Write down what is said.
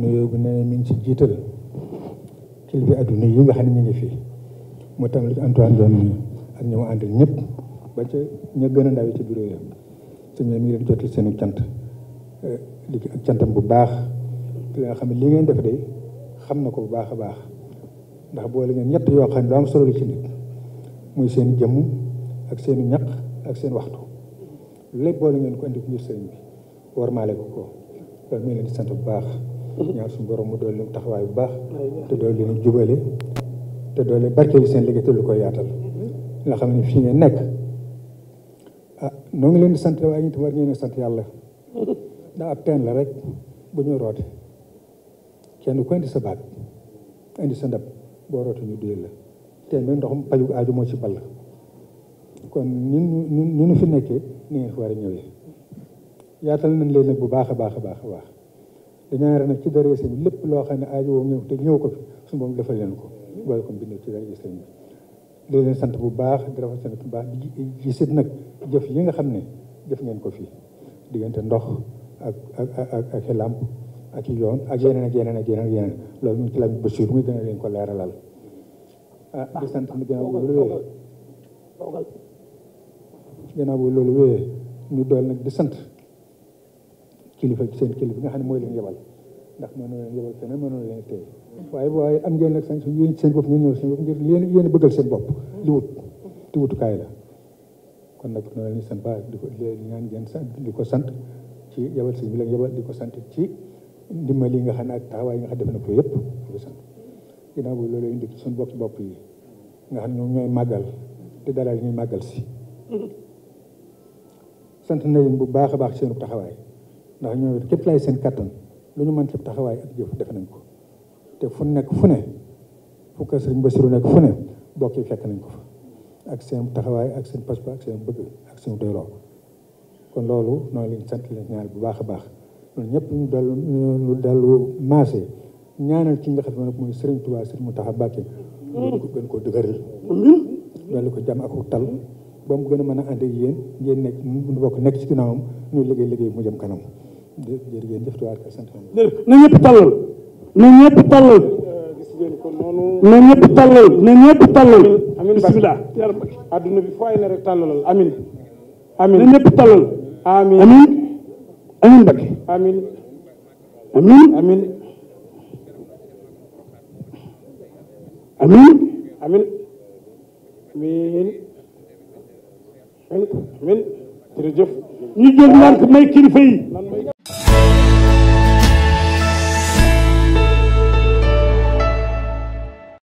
nuyoo bi nee mi ngi ci jiital kilifa adduna yi nga xam ne ñu ngi fi mu tam li Antoine doon nii ak ñi mu àndal ñëpp ba ca ña gën a ndaw ci bureau yi te ñoom ñu ngi leen jotal seen cant eh, di ak cantam bu baax li nga xam ne li ngeen def de xam na ko bu baax a baax ndax boole ngeen ñett yoo xam ne daa am solo ci nit muy seen jëmm ak seen ñaq ak seen waxtu lépp boole ngeen ko indi ngir sëriñ bi war maale ko ko loolu mi leen di sant bu baax. ñaan suñu borom mu dool leen taxawaay bu baax te dool leen jubale te dool leen barkeelu seen liggéey te lu ko yaatal nga xam ne fii ngeen nekk ah noo ngi leen di sant waaye ñu tam sant yàlla ndax ab teen la rek bu ñu roote kenn ku indi sa baat indi sa ndab boo roote ñu duyal la teen bi ndoxum paju aaju moo ci ball kon ñun ñu ñu fi nekkee ni ngeen fi war a ñëwee yaatal nañ leen nag bu baax a baax a baax a baax dañoo nar ci dara sëñ lépp loo xam ne aajo woom ñëw te ñëw ko fi suñu moom defal leen ko waaye comme bind ci dara sëñ bi leen sant bu baax di rafet sant bu baax di gisit nag jëf yi nga xam ne jëf ngeen ko fii diggante ndox ak ak làmp ak yoon ak yeneen yeneen ak yeneen yeneen loolu mu ci laaj ba suur muy leen ko leeralal ah, di sant mu gannaaw bu loolu wéyee ñu dool nag di sant kilifa seen kilifa nga xam ne mooy leen yebal ndax mënoo leen yebal mënoo leen tey waaye waaye am ngeen nag sañ su yéen seen bopp ngeen ñëw seen bopp ngir leen yéen bëggal seen bopp di wut di wutukaay la kon nag noonu lañu sant baax di ko leen ñaan ngeen di ko sant ci yebal sëñ bi leen yebal di ko sant ci ndimbal yi nga xam ne nga xam ne na ko yëpp di ko sant ginnaaw bu loolu indi bopp yi nga xam ne ñoom ñooy màggal te dalal ñuy màggal si mm-hmm. sant na bu baax a baax seenu taxawaay ndax ñoom it képp lay seen kattan lu ñu man ci taxawaay ak jëf def nañ ko te fu nekk fu ne fu ko sëriñ Basiru nekk fu ne bokk yi fekk nañ ko fa ak seen taxawaay ak seen pas-pas ak seen bëgg ak seen doyloo kon loolu noonu lañ sant leen ñaar bu baax a baax loolu ñëpp ñu dal lu dellu maase ñaanal ki nga xam ne mooy sëriñ Tuubaa sëriñ Muntaxa Mbàkke loolu ko gën koo dëgëral loolu ko jàmm ak tal ba mu gën a mën a ànd ak yéen ngeen nekk mu bokk nekk ci ginnaawam ñu liggéey liggéey mu jëm kanam jërë ngeen jëf tuwaat ka sant na ñëpp tàllal na ñëpp tàllal euh, na ñëpp tàllal na ñëpp tàllal bismillah adduna bi fay na rek tàllalal amin amin na ñëpp tàllal amin amin amin Mbakke amin amin amin amin amin amin amin jërëjëf ñu jóg naan may kilifa yi